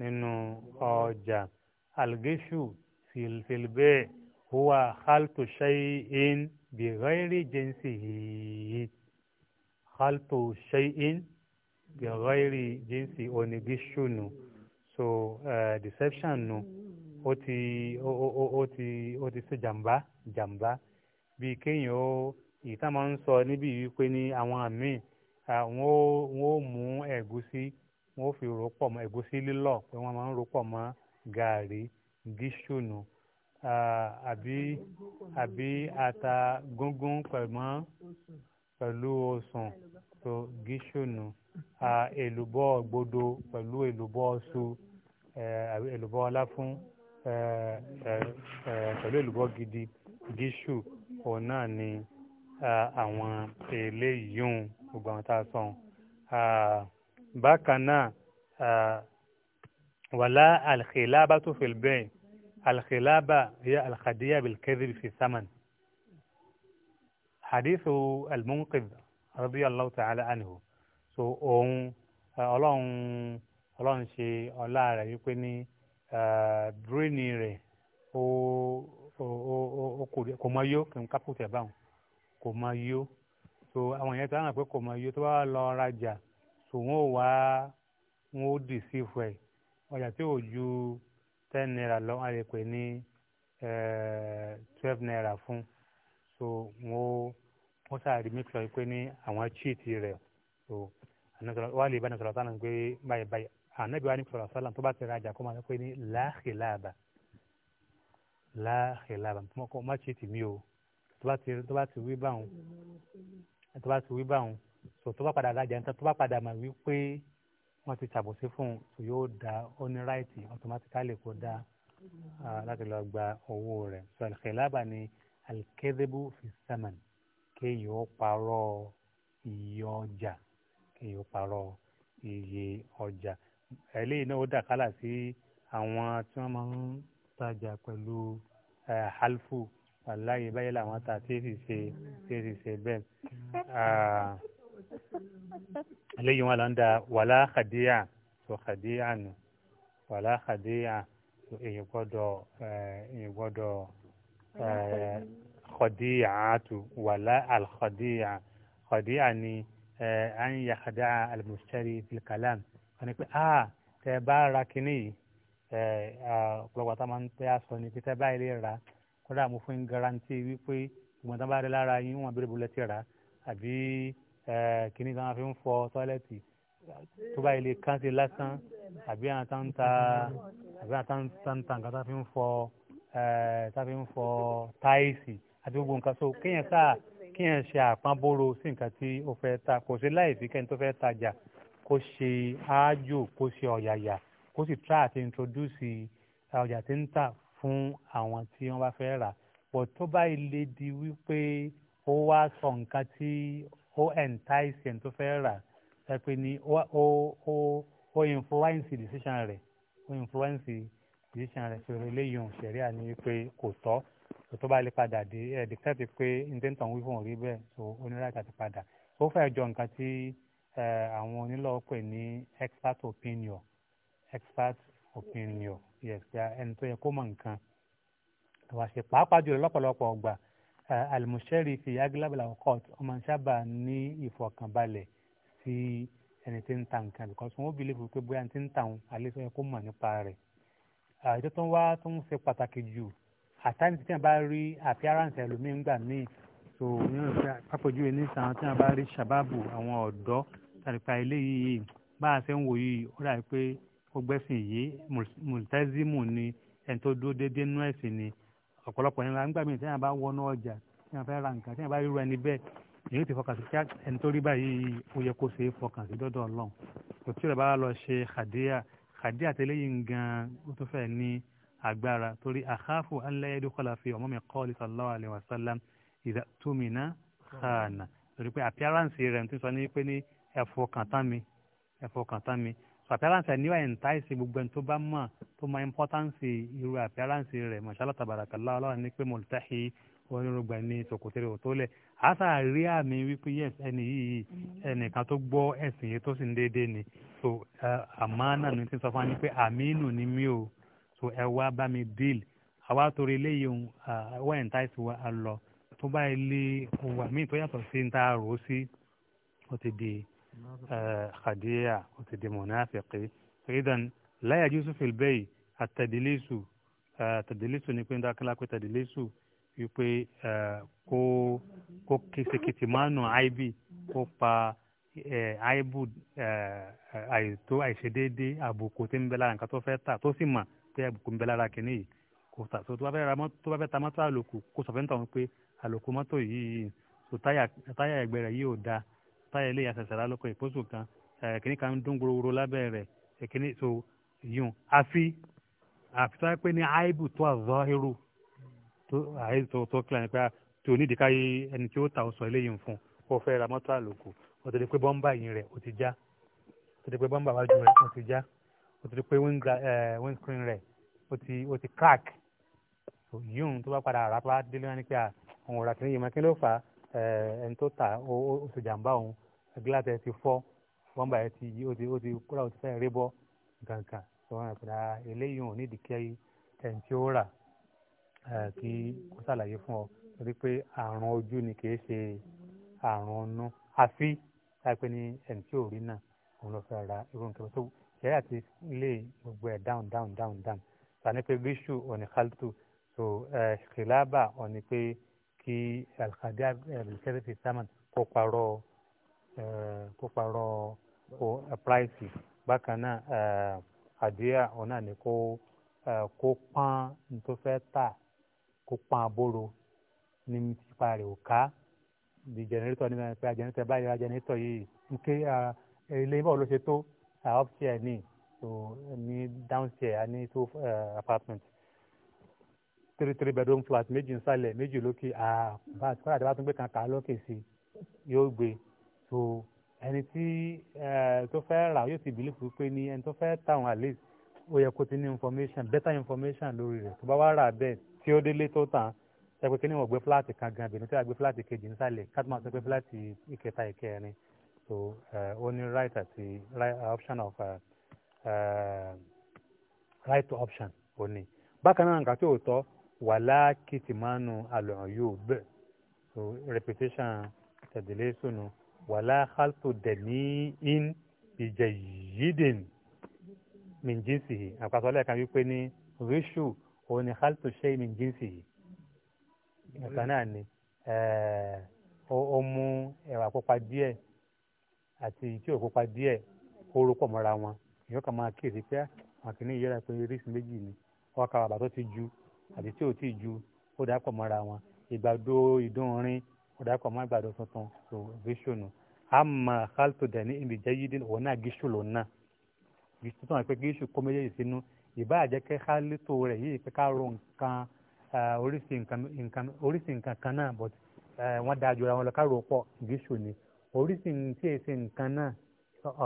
nínú ọjà àlgéṣù fìlbẹ́ẹ̀ huwa khaltu shay'in bi ghairi jinsihi khaltu shay'in bi ghairi jinsi onigishunu so uh, deception nu mm. ó ti ó ti ó ti ṣe jàmbá jàmbá bíi kéèyàn ó èyí tá máa ń sọ níbi wípé ní àwọn àmì àwọn ó mú ẹ̀gúsí wọn ó fi rò pọ̀ mọ́ ẹ̀gúsí lílọ̀ pé wọ́n máa ń rò pọ̀ mọ́ gàárì gíṣùnù àbí àbí ata gúngún pẹ̀lú osùn so gíṣùnù èlùbọ́ gbódò pẹ̀lú èlùbọ́ su èlùbọ́ láfún pẹ̀lú èlùbọ́ gidi gíṣù òun náà ni àwọn eléyìíhùn gbogbo àwọn tá a sọ bákan náà wàlá alxilaba tó fi bẹ́ẹ̀ alxilaba yẹ alxadiya bilkẹ́dìrì fi saman hadithu almunqidh radiyallahu ta'ala anhu so òun ọlọ́run ọlọ́run ṣe ọlá rẹ̀ wípé ní bíréènì rẹ̀ ó ó kò mọ yó kí n kápùtù ẹ̀ báwọn kò mọ yó so àwọn èèyàn tó hàn pé kò mọ yó tó bá lọ rajà so wọn ò wá wọn ó dì sí ìfọ ẹ ọjà tí ò ju ten naira lọ wọn á lè pè ní twelve naira fún so wọn ó wọ́n sáré mi sọ pé ní àwọn chíìtì rẹ̀ tó wà lè bá ní sọ̀rọ̀ sálà ń gbé báyìí báyìí ànábì wà ní sọ̀rọ̀ sálà tó bá ti rajà kó máa pé ní láàkìláàbà láàkìláàbà kó má chíìtì mi o tó bá ti wí báwọn tó bá ti wí báwọn so tó bá padà rajà níta tó bá padà mà wí pé wọ́n ti ṣàbòsí fún un tó yóò da ó ní ráìtì automatically kó da ah, láti lọ gba owó rẹ̀ so àlìkìláàbà ni alikẹ́dẹ́bù fi sẹ́mẹ̀nì kéèyàn ó parọ́ iye ọjà kéèyàn ó parọ́ iye ọjà eléyìí náà ó dàkálà sí àwọn tí wọ́n máa ń tajà pẹ̀lú halfu aláyè báyìí làwọn ta tí èsì ṣe tí èsì ṣe bẹ́ẹ̀ eléyìí wọn là ń da wàlá xadíyà tó xadíyà nù wàlá xadíyà tó èyí gbọ́dọ̀ èyí gbọ́dọ̀ khadi'atu wàlá alkhadi'a khadi'a ni an yakhda'a almustari fil kalam wọ́n ní pé a tẹ bá ra kínní yìí ọ̀pọ̀lọpọ̀ tá a máa ń tẹ́ aṣọ ni pé tẹ́ báyìí lè ra kódà mo fún garanti wípé ìgbọ̀n tán bá rí lára yín wọn abẹ́rẹ́ bolẹ́ ti rà àbí kínní tí wọ́n fi ń fọ tọ́lẹ́tì tó báyìí lè kán lásán àbí àwọn àbí àwọn nǹkan tá fi ń fọ táìsì àti gbogbo nǹkan so kéèyàn sáà kéèyàn ṣe àpamọ́bóró sí nǹkan tí ó fẹ́ ta kò ṣe láìsí kẹ́ni tó fẹ́ tajà kó ṣe áájò kó ṣe ọ̀yàyà kó sì tra àti introduce uh, ọjà tí ń tà fún àwọn tí wọ́n bá fẹ́ rà pọ̀ tó bá ilé di wípé ó wá sọ nǹkan tí ó entice ẹni tó fẹ́ rà ẹ pé ní ó ó ó influence decision rẹ̀ ó influence decision rẹ̀ ṣòro eléyìí òun ṣẹ̀rí àní wípé kò tọ́ tó bá lè padà dé ẹ̀ dìkítàtì pé ǹdẹ́ntàn wí fún òrí bẹ́ẹ̀ so onírájà ti padà ó fẹ́ jọ nǹkan tí àwọn onílọ́wọ́ pè ní expert opinion expert opinion yes ẹni tó yẹ kó mọ nǹkan wàá ṣe pàápàá jùlọ lọ́pọ̀lọpọ̀ ọgbà alimusẹ́rì fi agilabala court ọmọ sábà ní ìfọ̀kànbalẹ̀ sí ẹni tí ń ta nǹkan because wọ́n bìlífù pé bóyá ti ń ta òun àlẹ́ sọ yẹ kó mọ̀ nípa rẹ̀ ètò tó ń wá tó ń ṣe pàtàkì jù àtàní tí wọn bá rí appearance ẹlòmíín gbà míì so pápọ̀jùwe ní sàn tí wọn bá rí ṣàbábù àwọn ọ̀dọ́ tàbípa eléyìí bá a ṣe ń wò yìí ó dàbí pé ó gbẹ́sìn yìí mùtẹ́símù ni ẹni tó dúró déédéé nú ẹ̀sìn ni ọ̀pọ̀lọpọ̀ yẹn nígbà míì tí wọn bá wọnú ọjà tí wọn fẹ́ ra nǹkan tí wọn bá ríru ẹni bẹ́ẹ̀ èyí ti fọkàn sí ẹni tó rí báyìí ó yẹ kó ṣe é fọkàn sí dọ́dọ̀ ọlọ́run kò tí ò agbára torí àkáfù aláyẹ̀dẹ́ kọ́lá fi ọmọ mi kọ́ ọ̀lẹ́ sallallahu alaihi wasallam ìdá tómìnà khana torí pé appearance rẹ̀ ti sọ ní pé ní ẹ̀fọ́ kàntán mi ẹ̀fọ́ kàntán mi so appearance ẹ̀ níwáyé ń táìsì gbogbo ẹni tó bá mọ̀ tó mọ importance irú appearance rẹ̀ mashallah tabarakallah ọlọ́run ní pé mọ̀lítàhì onírúgba ní sòkòtẹ́rẹ́ ò tó lẹ̀ àtà rí àmì wípé yes ẹni yìí mm. ẹnìkan tó gbọ́ ẹ̀sìn yìí tó sì ń déédéé ni so eh, àmọ́ náà ní ti sọ fún wa ní pé àmínù ni mí o so ẹ wá bá mi deal àwa torí eléyìí ohun wọ́n ẹ̀ ń táìsì wa á lọ tó bá ilé wà míì tó yàtọ̀ sí ta rò ó sí ó ti di khadiya ó ti di mọ̀nàfẹ̀kì ìdàn láyà yusuf ilbẹ́yì àtẹ̀dílẹ́sù àtẹ̀dílẹ́sù ni pé ń dákẹ́lá pé tẹ̀dílẹ́sù wípé kó kó kìsìkìtì máa nù áìbì kó pa áìbù àìtó àìṣedéédé àbùkù tí ń bẹ lára nǹkan tó fẹ́ tà tó sì mà tẹ́ àbùkù lára kìíní yìí kò tà so tó bá fẹ́ ra mọ́tò tó bá fẹ́ ta mọ́tò àlòkù kò sọ fẹ́ntàn pé àlòkù mọ́tò yìí so táyà táyà ẹgbẹ́ rẹ̀ yìí ò da táyà ilé ìyàsẹ̀sẹ̀ rà lóko ìpósù kan kìíní kan ń dún gorogoro lábẹ́ rẹ̀ kìíní so yùn àfi àfi tó yẹ pé ní aibu tó àzọ irú tó àìsàn tó tó kílà nípa tí o nídìí káyé ẹni tí ó ta ọsàn eléyìí fún ó fẹ́ ra mọ́tò àlòkù ó o ti rí pé eh, windscreen rẹ̀ o ti o ti crack yóò tó bá padà rà bá délé wá ní pé àwọn ọ̀rà kìnìyàn máa kí ló fà á eh, ẹni tó tà ó ti jàǹbá òun gíláàsì ẹ ti fọ́ bọ́ǹbà ẹ ti ó ti ó ti kúrò ó ti fẹ́ rí gàǹgà tó wọn àpẹẹrẹ eléyìí òun nídìí kí ẹni tí ó rà eh, kí kó ṣàlàyé fún ọ torí pé àrùn ojú ni kì í ṣe àrùn ọ̀nà àfi láìpẹ́ ní ẹni tí ò rí náà òun lọ fẹ́ ra irú nǹkan tó ṣẹlẹ àti lé gbogbo ẹ down down down down tani pé gishu ọ̀nì khaltu so khilaba ọ̀nì pé kí alkadi abdulkadir fi saman kó parọ́ kó parọ́ kó price bákan náà àdíyà ọ̀nà ni kó kó pán nítòfẹ́ tà kó pán abóró ní tipa rẹ̀ ò ká di jẹnẹrétọ̀ nínú ẹ̀ pé jẹnẹrétọ̀ báyìí jẹnẹrétọ̀ yìí nke ilé ibà ló ṣe tó upstairs ni so ní downstairs a ní two apartment three three bedroom flat méjì nsàlẹ̀ méjì lókè àbá kọ́lá àti bá tún gbé kan kà á lókè sí yóò gbé so ẹni tí tó fẹ́ rà yóò ti bìlí fún pé ní ẹni tó fẹ́ tàwọn at least ó yẹ kó ti ní information better information lórí rẹ̀ tó bá wá rà bẹ́ẹ̀ tí ó délé tó tàn ẹ pé kí ni wọ́n gbé fúláàtì kan gan bìnú tí wọ́n gbé fúláàtì kejì nsàlẹ̀ káàtó máa sọ pé fúláàtì ìkẹta ìkẹrin so ó uh, ní right àti option of uh, uh, right to option only. ní bákan náà nǹkan tí ò tọ́ wàlá kìtìmánu àlùhàn yóò bẹ̀ so reputation tẹ̀dílé sónù wàlá halto dẹ̀mí in ìjẹ̀ yídìn mìjínsì yìí àpàtọ́ lẹ́ẹ̀kan wípé ní ríṣù òun ni halto ṣe mìjínsì yìí nǹkan náà ni ó mú ẹ̀wà pupa díẹ̀ àti èyí tí ò pupa díẹ̀ oró pọ̀ mọ́ra wọn èyí kan máa kéde pé ah, àwọn kìíní pé rísì méjì ni wọn kà bàbà tó ti ju àti tí ò tí ju ó dà pọ̀ mọ́ra wọn ìgbàdo ìdúnrin ó dà pọ̀ mọ́ ìgbàdo tuntun tó gíṣùnù àmà káltò dẹ̀ ní ibi jẹ́yídé òun náà gíṣù lòun náà gíṣù tó wọn pé gíṣù kó méjèèjì sínú ìbá àjẹkẹ́ kálítò rẹ̀ yìí pé ká ro nǹkan oríṣi nǹkan kan náà but wọ́n dáa jura wọn lọ ro pọ̀ gíṣù ni oríṣi tí èsì nǹkan náà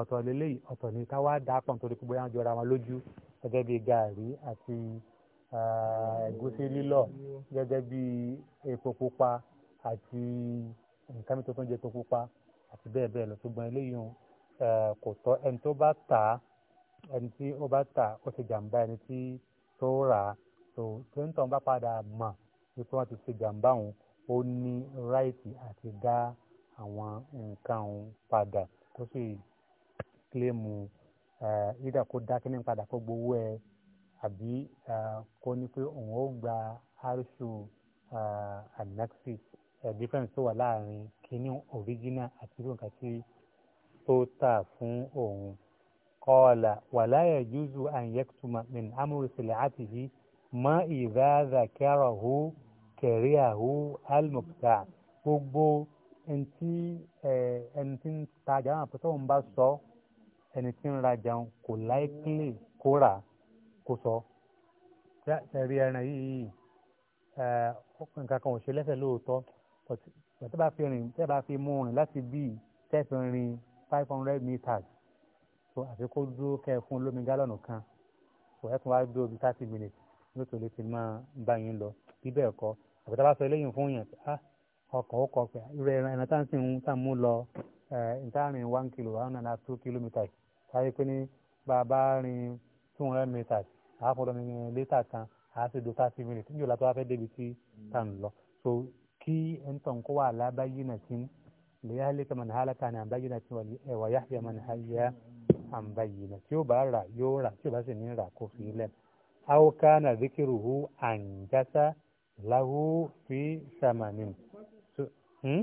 ọ̀tọ̀ lélẹ́yìí ọ̀tọ̀ ní káwá dàpọ̀ nítorí pé bóyá jọra wọn lójú gẹ́gẹ́ bí gàárì àti ẹ̀gúsí lílọ̀ gẹ́gẹ́ bí epo pupa àti nǹkan mi tó tún jẹ́ epo pupa àti bẹ́ẹ̀ bẹ́ẹ̀ lọ ṣùgbọ́n eléyìí kò tọ́ ẹni tó bá tà á ẹni tí ó bá tà ó ṣe jàǹbá ẹni tí tó rà á tó tó ń tàn bá padà mọ̀ wípé wọ́n ti ṣe jàǹbá òun ó ní ráìtì àti dá àwọn nǹkan òun padà kó sì kílèmù ìdá kó dá kíní padà kó gbowó ẹ àbí kó ní pé òun ó gba arshu anaxi difference tó wà láàrin kíní original àti irú nǹkan tí tó tà fún òun kọ́ọ̀là wàláyà júzù àyẹ̀kùtùmá min amúrí sílẹ̀ àti yìí mọ ìdáàdà kẹrọ̀hù kẹríàhù almukta gbogbo ntí ẹni tí ń tajà náà pẹ̀lú tóun bá sọ ẹni tí ń rajà kò láìkílè kó rà kó sọ ẹ̀rí ẹran yìí nǹkan kan ò ṣe lẹ́sẹ̀ lóòótọ́ tẹ́ bá fi rìn tẹ́ bá fi mú rìn láti bíi tẹ́ fi rìn five hundred meters so àfi kó dúró kẹ́ ẹ fún olómi gálọ̀nù kan so ẹ tún wá dúró bíi thirty minutes nítorí ti máa ń bá yín lọ bíbẹ̀ ẹ̀kọ́ àbúrò bá sọ eléyìí fún yàn ah ọkàn ó kọ pé irú ẹran ẹran tá à ń ń tà one kilo one and a half two kilometres táyé pé ní bàbá rin two hundred meters àáfọ̀dọ̀ ní lítà kan àáṣe do thirty minutes níjọ́ látọ́ wá fẹ́ débi tí tà ń lọ so kí ẹ̀ńtọ̀n kó wà lábáyé náà tí lèyàlẹ́kẹ̀ mọ̀nà hálàkà ní àbáyé náà tí ẹ̀wà yáhìá mọ̀nà háyà àbáyé náà tí ó bá rà yóò rà tí ó bá sì ní rà kó fi lẹ̀ àwòká náà zikiruhu àǹjásá lahu fi sàmánìmù. Hmm?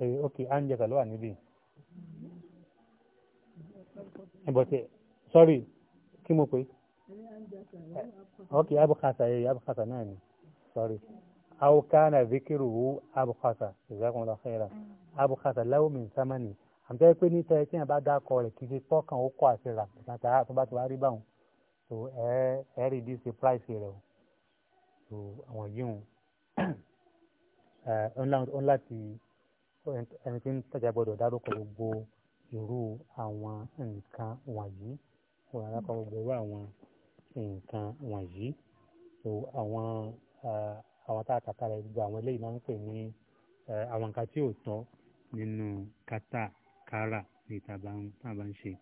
Eh, ok angela ló wà níbí ẹ̀bọ̀tẹ̀ eh, eh, sorry kí mo pè ok abukasa yẹ abukasa náà ni sorry awukana zikiruhu abukasa ìzákun lọ xẹ́ra abukasa láwọn mi sámánì àmì tẹ́ pé ní tẹ́ tí yẹn bá dá kọ rẹ̀ kì í ṣe tọ́kàn ó kọ́ àti rà látara tó bá ti wá rí báwọn ẹ ẹ rí díìsì price rẹ o so àwọn yìí ń ọ̀n eh, láti ẹni tí ń tajà gbọdọ̀ dárúkọ gbogbo irú àwọn nǹkan wọ̀nyí wọ́n dárúkọ gbogbo irú àwọn nǹkan wọ̀nyí so àwọn eh, àwọn tá a kàkà rẹ̀ gbogbo àwọn eléyìí máa ń pè ní eh, àwọn nǹkan tí ò tọ́ nínú kátàkárà ní ìta bá ń ṣe.